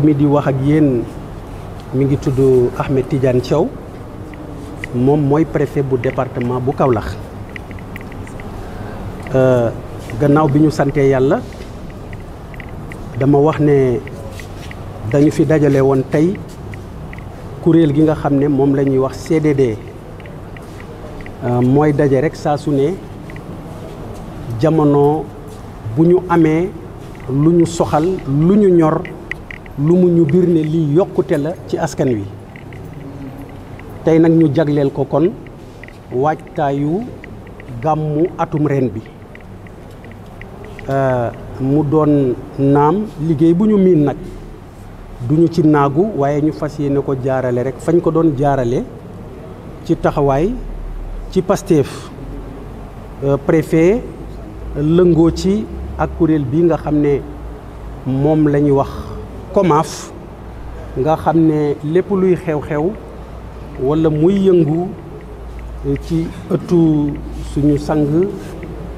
mi di wax ak yéen mi ngi tudd Ahmed Tidiane moom mooy préfet bu département bu Kaolack euh, gannaaw bi ñu santee yàlla dama wax ne dañu fi dajale woon tey kuréel gi nga xam ne moom la wax CDD euh, mooy daje rek saa su ne jamono bu ñu amee lu ñu soxal lu ñu ñor lu mu ñu bir ne lii yokkute la ci askan wi tey nag ñu jagleel ko kon waajtaayu gàmmu atum ren bi euh, mu doon naam liggéey bu ñu miin nag duñu ci naagu waaye ñu fas yéene ko jaarale rek fañ ko doon jaarale ci taxawaay ci Pastef euh, préfet lëngoo ci ak kuréel bi nga xam ne moom lañuy wax COMAF nga xam ne lépp luy xew-xew walla muy yëngu eh, ci ëttu suñu sang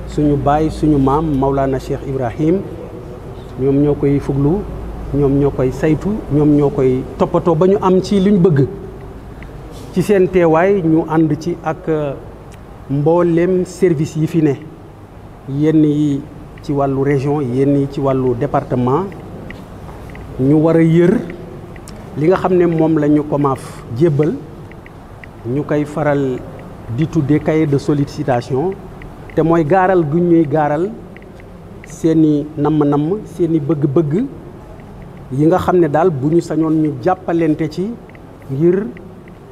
suñu baay suñu maam Maulana Cheikh Ibrahim ñoom ñoo koy fuglu ñoom ñoo koy saytu ñoom ñoo koy toppatoo ba ñu am ci li bëgg ci seen teewaay ñu ànd ci ak eh, mboolem service yi fi ne yenn yi ci wàllu région yenn yi ci wàllu département ñu war a yër li nga xam ne moom lañu ñu COMAF jébbal ñu koy faral di tuddee cahier de sollicitation te mooy gaaral gu ñuy gaaral seeni namm-namm seeni bëgg-bëgg yi nga xam ne daal bu ñu sañoon ñu jàppalente ci ngir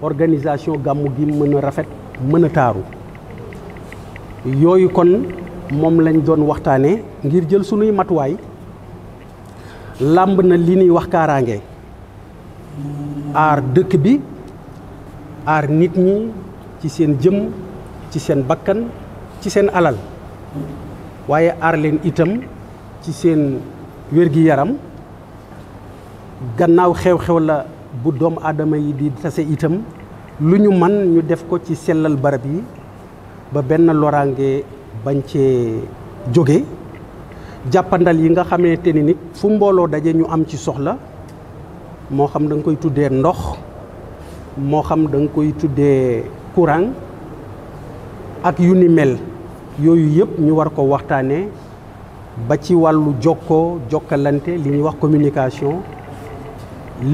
organisation gàmmu gi mën rafet mën a taaru yooyu kon moom lañ doon waxtaane ngir jël sunuy matuwaay làmb na li ñuy wax kaaraange aar dëkk bi aar nit ñi ci seen jëm ci seen bakkan ci seen alal waaye aar leen itam ci seen wér-gi-yaram gannaaw xew-xew la bu doomu aadama yi di tase itam lu ñu man ñu def ko ci sellal barab yi ba benn loraange bañ cee jóge jàppandal yi nga xamante ni nit fu mbooloo daje ñu am ci soxla moo xam danga koy tuddee ndox moo xam danga koy tuddee courant ak yu ni mel yooyu yëpp ñu war ko waxtaanee ba ci wàllu jokkoo jokkalante li ñuy wax communication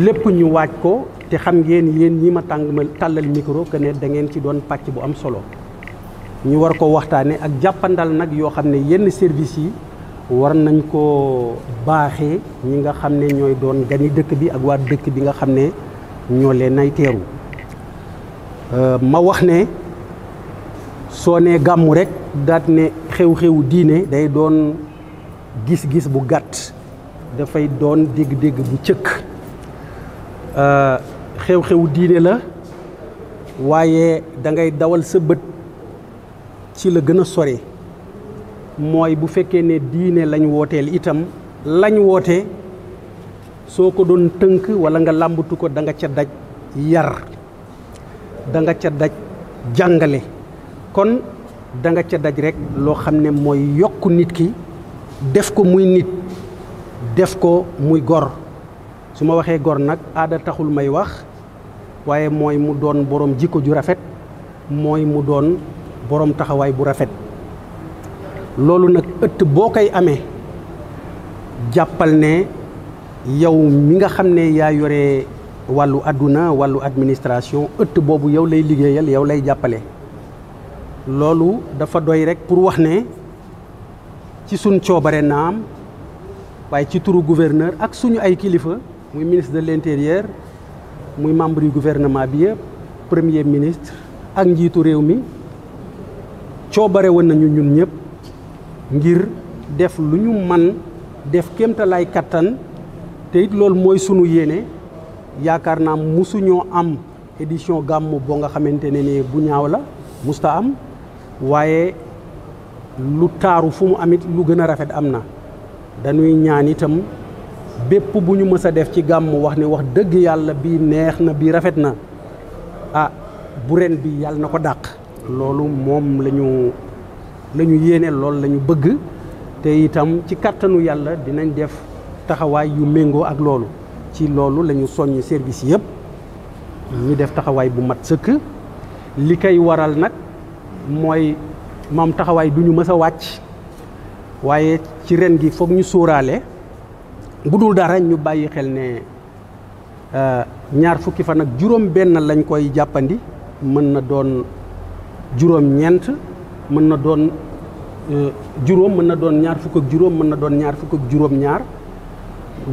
lépp ñu waaj ko te xam ngeen yéen ñi ma tàng ma tàllal micro que ne da ngeen ci doon pàcc bu am solo ñu war ko waxtaanee ak jàppandal nag yoo xam ne yenn service yi. war nañ koo baaxe ñi nga xam ne ñooy doon gani dëkk bi ak waa dëkk bi nga xam ne ñoo leen nay teeru euh, ma wax ne soo nee gàmmu rek daat ne xew-xewu diine day doon gis-gis bu gàtt dafay doon dégg-dégg bu cëkk xew euh, xew diine la waaye da ngay dawal sa bët ci la gën a sore mooy bu fekkee ne diine lañ wooteel itam lañu woote soo ko doon tënk walla nga làmbatu ko da nga ca daj yar danga ca daj jàngale kon da nga ca daj rekk loo xam ne mooy yokk nit ki def ko muy nit def ko muy gor su ma waxee gor nag aada taxul may wax waaye mooy mu doon boroom jikko ju rafet mooy mu doon boroom taxawaay bu rafet loolu nag ëtt boo koy amee jàppal ne yow mi nga xam ne yaa yore wàllu àdduna wàllu administration ëtt boobu yow lay liggéeyal yow lay jàppale loolu dafa doy rek pour wax ne ci suñ coobare naam waaye ci turu gouverneur ak suñu ay kilifa muy ministre de l'intérieur muy membre yu gouvernement bi yëpp premier ministre ak njiitu réew mi coobare woon nañu ñun ñëpp ngir def lu ñu man def kéemtalaay kattan te it loolu mooy sunu yéene yaakaar naa musuñoo am édition gàmmu boo nga xamante ne ni bu ñaaw la musta am waaye lu taaru fu mu amit lu gën a rafet am na dañuy ñaan itam bépp bu ñu mës a def ci gàmmu wax ne wax dëgg yàlla bi neex na bii rafet na ah buren bi yàlla na ko dàq loolu moom lañu lañu ñu yéene lool la bëgg te itam ci kàttanu yàlla dinañ def taxawaay yu méngoo ak loolu ci loolu la ñu soññ service yëpp ñu def taxawaay bu mat sëkk li koy waral nag mooy moom taxawaay du ñu mës a wàcc waaye ci ren gi foog ñu sóoraale bu dul dara ñu bàyyi xel ne euh, ñaar fukki fan ak juróom benn lañ koy jàppandi mën na doon juróom ñeent mën na doon euh, juróom mën na doon ñaar fukk ak juróom mën na doon ñaar fukk ak juróom ñaar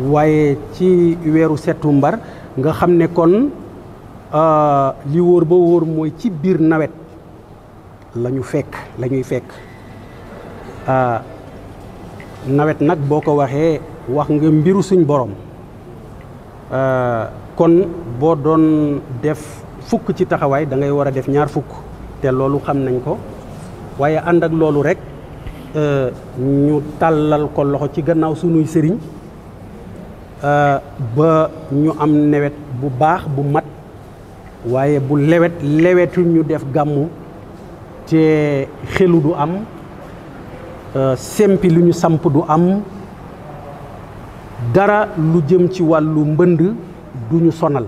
waaye ci weeru setu mbar nga xam ne kon euh, li wóor ba wóor mooy ci biir nawet lañu fekk lañuy ñuy fekk euh, nawet nag boo ko waxee wax nga mbiru suñ borom kon boo doon def fukk ci taxawaay da ngay war a def ñaar fukk te loolu xam nañ ko waaye ànd ak loolu rek euh, ñu tàllal ko loxo ci gannaaw sunuy sëriñ euh, ba ñu am nawet bu baax bu mat waaye bu lewet lewetu ñu def gàmmu te xelu du am euh, sempi lu ñu samp du am dara lu jëm ci wàllu mbënd du ñu sonal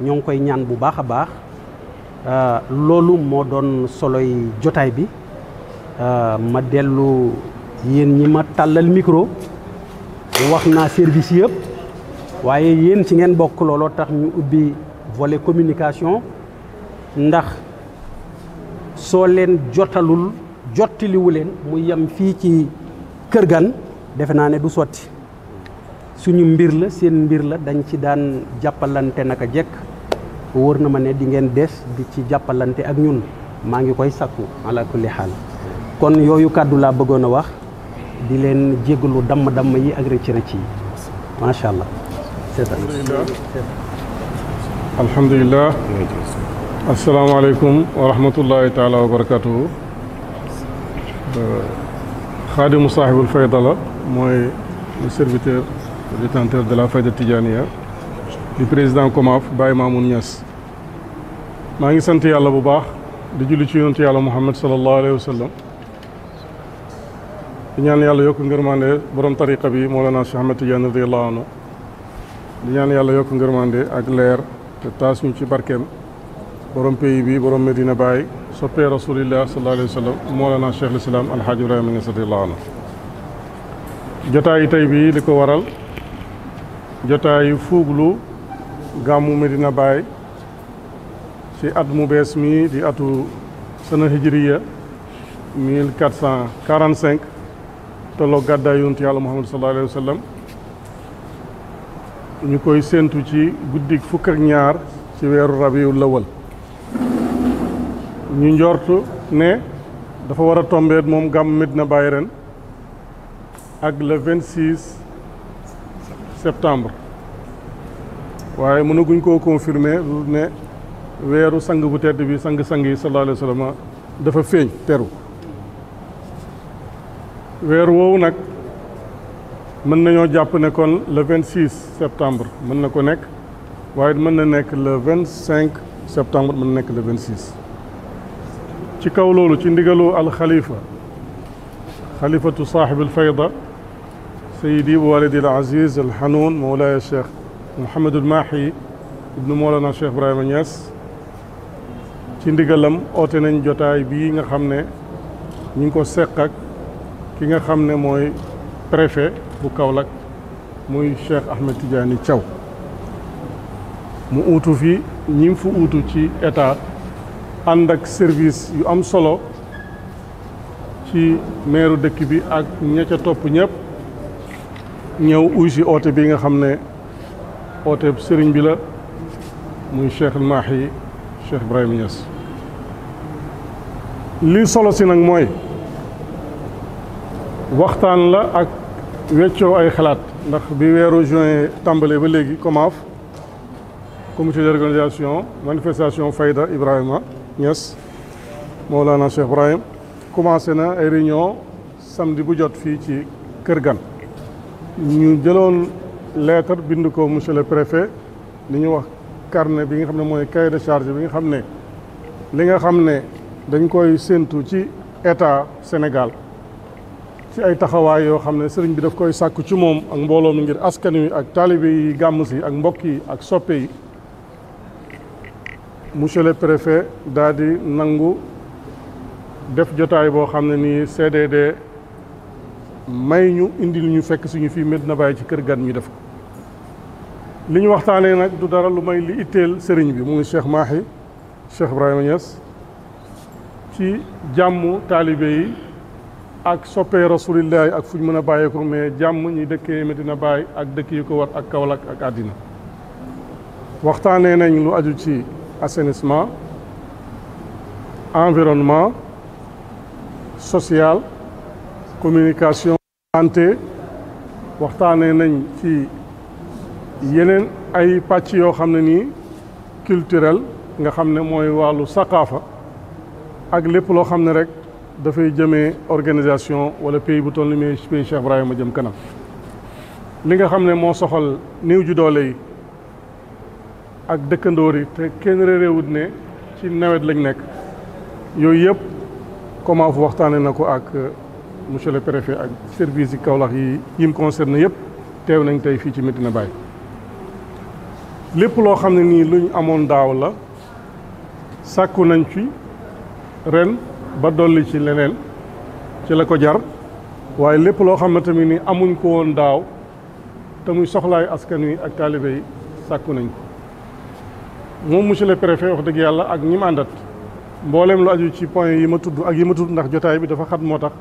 ñoo ngi koy ñaan bu baax a baax loolu moo doon soloy jotaay bi Euh, ma dellu yéen ñi ma tàllal mikro wax naa service yëpp waaye yéen ci ngeen bokk looloo tax ñu ubbi volet communication ndax soo leen jotalul jottaliwu leen mu yem fii ci Kër gan defe naa ne du sotti suñu mbir la seen mbir la dañ ci daan jàppalante nag a jekk wër na ma ne di ngeen des di ci jàppalante ak ñun maa ngi koy sakku ala xaal kon yooyu kàddu laa bëggoon a wax di leen jéggalu damm-damm yi ak rëcc rëcc yi macha allah seetaan alhamdulilah asalaamaaleykum wa rahmatullahi taala wa barakatuhu euh, xaadimu saahibul fayda mooy le serviteur détenteur de la fayda tijaniya di président COMAF Baye Mamoun Niass maa ngi sant yàlla bu baax di julli ci yonent yàlla Muhammad sallallahu alayhi wa sallam di ñaan yàlla yokk ngërmande borom tariqa bi Mawlana Cheikh Ahmed Tidiane radiyallahu anhu di ñaan yàlla yokk ngërmande ak leer te taas ñu ci barkeem borom pays bi borom Medina Baye soppee rasulillah sallallahu alayhi wa sallam Mawlana Cheikh al-Islam Alhaji Ibrahima Niass radiyallahu anhu jotaayu tey bii li ko waral jotaayu fuuglu gàmmu Medina Baye ci at mu bees mii di atu sana hijriya tolloo gàddaay yonent yàlla muhammad sallallahu alayhi wa sallam ñu koy séentu ci guddi fukk ak ñaar ci weeru rabiul awal ñu njortu ne dafa war a tombeet moom gàmm na bàyyi ren ak le vingt six septembre waaye mënaguñ ko confirmer lu ne weeru sang bu tedd bi sang sang yi sallallahu alayhi dafa feeñ teru weer woowu nag mën nañoo jàpp ne kon le vingt six septembre mën na ko nekk waaye mën na nekk le vingt cinq septembre mën na nekk le vingt six ci kaw loolu ci ndigalu alxalifa xalifatu saaxib alfayda sayidi wa walidi al aziz al xanuun mawlaaya cheikh Mouhamadul Mahi ibnu Mawlana Cheikh Ibrahima Niass ci ndigalam oote nañ jotaay bii nga xam ne ñu ngi ko seqak ki nga xam ne mooy préfet bu kaw Kaolack muy Cheikh Ahmed Tidiane Thiaw mu uutu fi ñi fu uutu ci état ànd ak service yu am solo ci meeru dëkk bi ak ña ca topp ñëpp ñëw uy si oote bi nga xam ne oote sëriñ bi la muy Cheikh Mahi Cheikh Ibrahima Niass li solo si nag mooy waxtaan la ak weccoo ay xalaat ndax bi weeru juin tàmbalee ba léegi COMAF comité d'organisation manifestation Fayda Ibrahima Niass Mawlana Cheikh Ibrahim commencé na ay réunion samedi bu jot fii ci Kër Gan ñu jëloon leetar bind ko monsieur le préfet li ñu wax karne bi nga xam ne mooy cahier de charge bi nga xam ne li nga xam ne dañ koy séentu ci état Sénégal ci ay taxawaay yoo xam ne sëriñ bi daf koy sàkku ci moom ak mbooloo mi ngir askan wi ak taalibe yi gàmm si ak mbokk yi ak soppe yi monsieur le préfet daal nangu def jotaay boo xam ne nii CDD may ñu indil ñu fekk suñu fii na Baye ci kër gan ñu def ko li ñu waxtaanee nag du dara lu may li itteel sëriñ bi muy Cheikh Mahi Cheikh Ibrahima Niass ci jàmm taalibe yi ak soppee rasulillahi ak fu mën a bàyyeeko mais jàmm ñi dëkkee Medina bàyyi ak dëkk yu ko war ak Kaolack ak àddina waxtaanee nañ lu aju ci assainissement environnement social communication santé waxtaanee nañ ci yeneen ay pàcc yoo xam ne nii culturel nga xam ne mooy wàllu saqaafa ak lépp loo xam ne rek dafay jëme organisation wala pays bu toll ni pays Cheikh Ibrahima jëm kanam li nga xam ne moo soxal néew ju doole yi ak dëkkandoor yi te kenn réeréewut ne ci nawet lañ nekk yooyu yëpp comment fu waxtaane na ko ak euh, monsieur le préfet ak service yi Kaolack yi yim concerné yëpp teew nañ tey fii ci Medina Baye lépp loo xam ne nii luñ amoon daaw la sàkku nañ fi ren ba dolli ci leneen ci la ko jar waaye lépp loo xam ne tamit ni amuñ ko woon daaw te muy soxlaay askan wi ak taalibe yi sàkku nañ ko moom monsieur le préfet wax dëgg yàlla ak ñi mboolem àndat lu aju ci point yi ma tudd ak yi ma tudd ndax jotaay bi dafa xat moo tax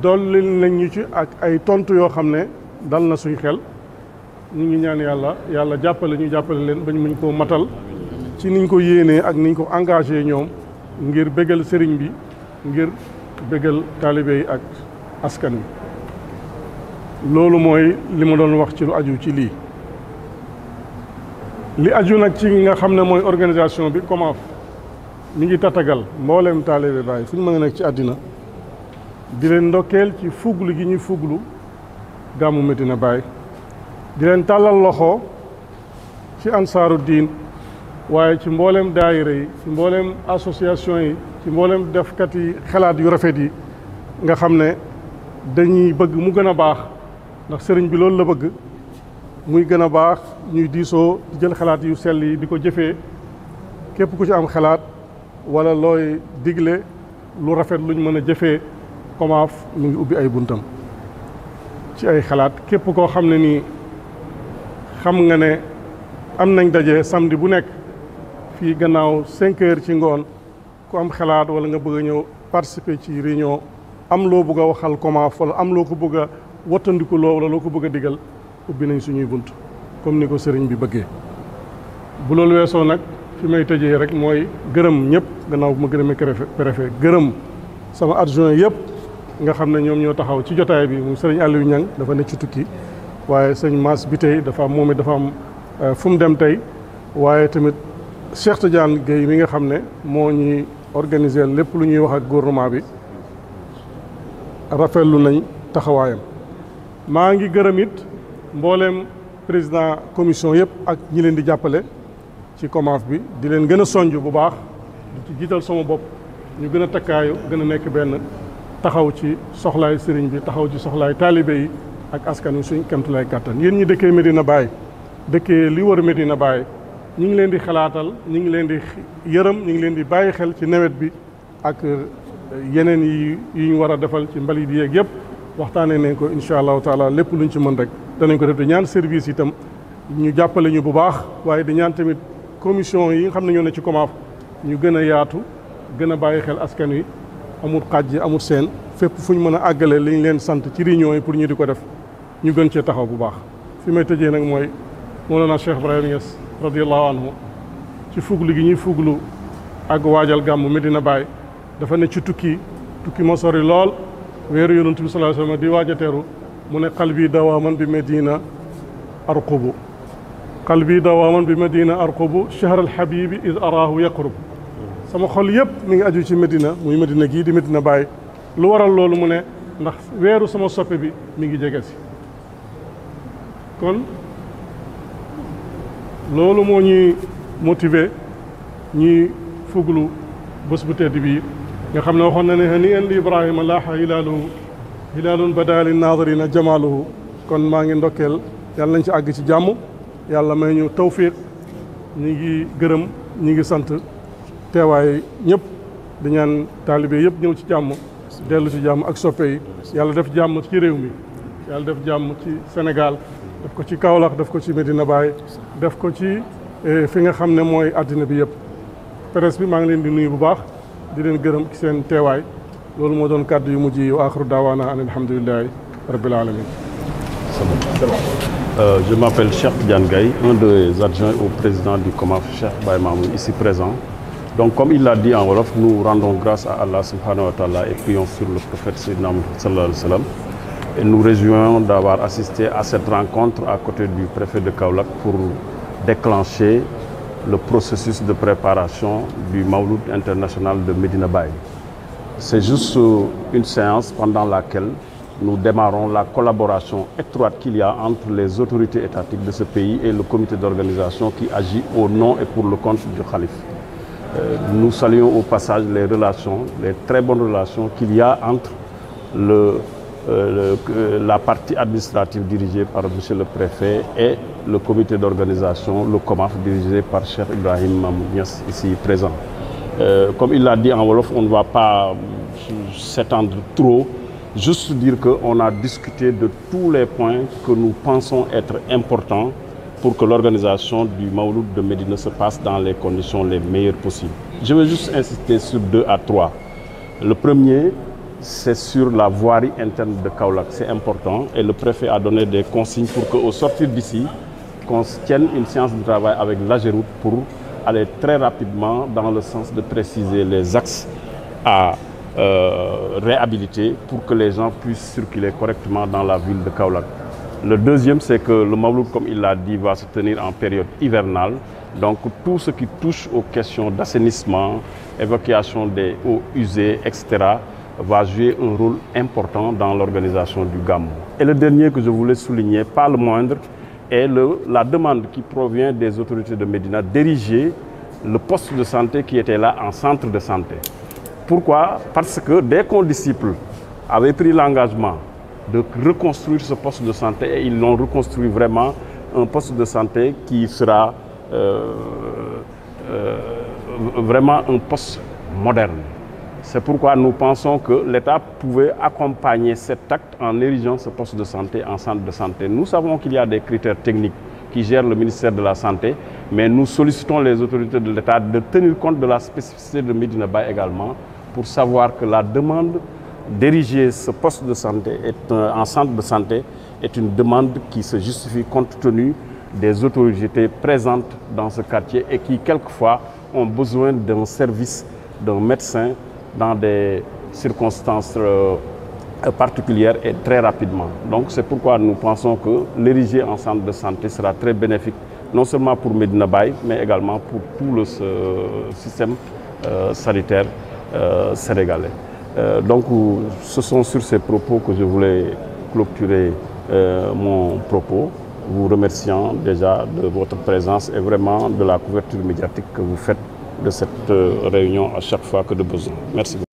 dolli nañ ñu ci ak ay tontu yoo xam ne dal na suñ xel ñu ngi ñaan yàlla yàlla jàppale ñuy jàppale leen bañ muñ koo matal ci niñ ko yéenee ak niñ ko engagé ñoom ngir bégal sëriñ bi ngir bégal taalibe yi ak askan wi loolu mooy li ma doon wax ci lu aju ci lii li aju nag ci nga xam ne mooy organisation bi comment mi ngi tatagal mboolem taalibe Baay fu ñu mën a nekk ci àddina di leen ndokkeel ci fuglu gi ñuy fuglu gàmmu Medina Baay di leen tàllal loxo ci ansaaru diin waaye ci mboolem daayira yi ci mboolem association yi ci mboolem defkat yi xalaat yu rafet yi nga xam ne dañuy bëgg mu gën a baax ndax sëriñ bi loolu la bëgg muy gën a baax ñuy diisoo di jël xalaat yu sell yi di ko jëfee képp ku ci am xalaat wala looy digle lu rafet luñ mën a jëfee COMAF mu ngi ubbi ay buntam ci ay xalaat képp koo xam ne nii xam nga ne am nañ daje samdi bu nekk fii gannaaw cinq heures ci ngoon ku am xalaat wala nga bëgg a ñëw participer ci réunion am loo bëgg a waxal comment wala am loo ko bëgg a wattandiku loo wala loo ko bëgg a digal ubbi nañ suñuy bunt comme ni ko sëriñ bi bëggee bu loolu weesoo nag fi may tëjee rek mooy gërëm ñëpp gannaaw bu ma gërëmee préfet gërëm sama adjoint yëpp nga xam ne ñoom ñoo taxaw ci jotaay bi mu sëriñ Aliou Niang dafa ne ci tukki waaye sëñ Mass bi tey dafa am moom it dafa am euh, fu mu dem tey Cheikh Tidiane Gueye mi nga xam ne moo ñuy organiser lépp lu ñuy wax ak gouvernement bi rafetlu nañ taxawaayam maa ngi gërëm it mbooleem président commission yëpp ak ñi leen di jàppale ci commence bi di leen gën a sonj bu baax di ci jiital sama bopp ñu gën a takkaayu gën a nekk benn taxaw ci soxlaay sëriñ bi taxaw ci soxlaay taalibe yi ak askan wi suñ kemtulaay kàttan yéen ñi dëkkee Medina bàyyi dëkkee li wër Medina Baye ñu ngi leen di xalaatal ñu ngi leen di yërëm ñu ngi leen di bàyyi xel ci nawet bi ak euh, yeneen yi yi ñu war a defal ci mbalit yeeg yëpp waxtaanee nañ ko incha allahu taala lépp luñ ci mën rek danañ ko def di ñaan service itam ñu jàppale ñu bu baax waaye di ñaan tamit commission yi nga xam ne ñoo ne ci COMAF ñu gën a yaatu gën a bàyyi xel askan wi amul yi amul seen fépp fu ñu mën a àggale li ñu leen sant ci réunion yi pour ñu di ko def ñu gën cee taxaw bu baax fi may tëjee nag mooy Mawlana Cheikh Ibrahima Niass radiallahu anhu ci fuglu gi ñuy fuglu ak waajal gàmmu Medina Baay dafa ne ci tukki tukki ma sori lool weeru yonent bi sallallahu alayhi wa sallam di waaj a teeru mu ne qalbi dawaaman bi Medina arqubu qalbi dawaaman bi Medina arqubu shahr alhabibi id araahu yaqrub sama xol yëpp mi ngi aju ci Medina muy Medina gii di Medina Baay lu waral loolu mu ne ndax weeru sama soppe bi mi ngi jege si loolu moo ñuy motiver ñuy fuglu bés bu tedd bii nga xam ne waxoon na ne hani en li ibrahima laaxa hilaaluhu hilaalun badaali naadirina jamaaluhu kon maa ngi ndokkeel yàlla nañ ci àgg ci jàmm yàlla may ñu tawfiq ñi ngi gërëm ñi ngi sant teewaay ñëpp di ñaan taalibe yëpp ñëw ci jàmm dellu ci jàmm ak soppe yi yàlla def jàmm ci réew mi yàlla def jàmm ci Sénégal def ko ci Kaolack def ko ci Medina Baye def ko ci eh, fi nga xam ne mooy àddina bi yëpp presse bi maa ngi leen di nuyu bu baax di leen gërëm seen teewaay loolu moo doon kàddu yu mujj yi wa aaxiru daawaana an alhamdulillahi rabbil alamin Euh, je m'appelle Cheikh Diangay, un des adjoints au président du COMAF, Cheikh Baïmamou, ici présent. Donc, comme il l'a dit en Wolof, nous rendons grâce à Allah subhanahu wa ta'ala et prions sur le prophète Sayyidina Muhammad sallallahu Et nous réjouissons d'avoir assisté à cette rencontre à côté du préfet de Kaolack pour déclencher le processus de préparation du Mawlud international de Medina Baye. C'est juste euh, une séance pendant laquelle nous démarrons la collaboration étroite qu'il y a entre les autorités étatiques de ce pays et le comité d'organisation qui agit au nom et pour le compte du Khalif. Euh, nous saluons au passage les relations, les très bonnes relations qu'il y a entre le Euh, euh, la partie administrative dirigée par monsieur le préfet et le comité d'organisation, le COMAF, dirigé par Cheikh Ibrahim Mamounias, ici présent. Euh, comme il l'a dit en Wolof, on ne va pas s'étendre trop, juste dire qu'on a discuté de tous les points que nous pensons être importants pour que l'organisation du Maouloud de Médine se passe dans les conditions les meilleures possibles. Je veux juste insister sur deux à trois. Le premier, c'est sur la voirie interne de Kaolack. C'est important et le préfet a donné des consignes pour qu'au sortir d'ici, qu'on tienne une séance de travail avec l'AGEROUTE pour aller très rapidement dans le sens de préciser les axes à euh, réhabiliter pour que les gens puissent circuler correctement dans la ville de Kaolack. Le deuxième, c'est que le Mawlud, comme il l'a dit, va se tenir en période hivernale. Donc tout ce qui touche aux questions d'assainissement, évacuation des eaux usées, etc., va jouer un rôle important dans l'organisation du Gamou. Et le dernier que je voulais souligner, pas le moindre, est le, la demande qui provient des autorités de Médina d'ériger le poste de santé qui était là en centre de santé. Pourquoi Parce que dès qu'on disciple avait pris l'engagement de reconstruire ce poste de santé et ils l'ont reconstruit vraiment, un poste de santé qui sera euh, euh vraiment un poste moderne. C'est pourquoi nous pensons que l'État pouvait accompagner cet acte en érigeant ce poste de santé en centre de santé. Nous savons qu'il y a des critères techniques qui gèrent le ministère de la Santé, mais nous sollicitons les autorités de l'État de tenir compte de la spécificité de Medina également pour savoir que la demande d'ériger ce poste de santé et euh, en centre de santé est une demande qui se justifie compte tenu des autorités présentes dans ce quartier et qui quelquefois ont besoin d'un service d'un médecin dans des circonstances euh, particulières et très rapidement. Donc c'est pourquoi nous pensons que l'ériger en centre de santé sera très bénéfique, non seulement pour Medina Bay, mais également pour tout le ce, système euh, sanitaire euh, sénégalais. Euh, donc ce sont sur ces propos que je voulais clôturer euh, mon propos, vous remerciant déjà de votre présence et vraiment de la couverture médiatique que vous faites de cette euh, réunion à chaque fois que de besoin. Merci beaucoup.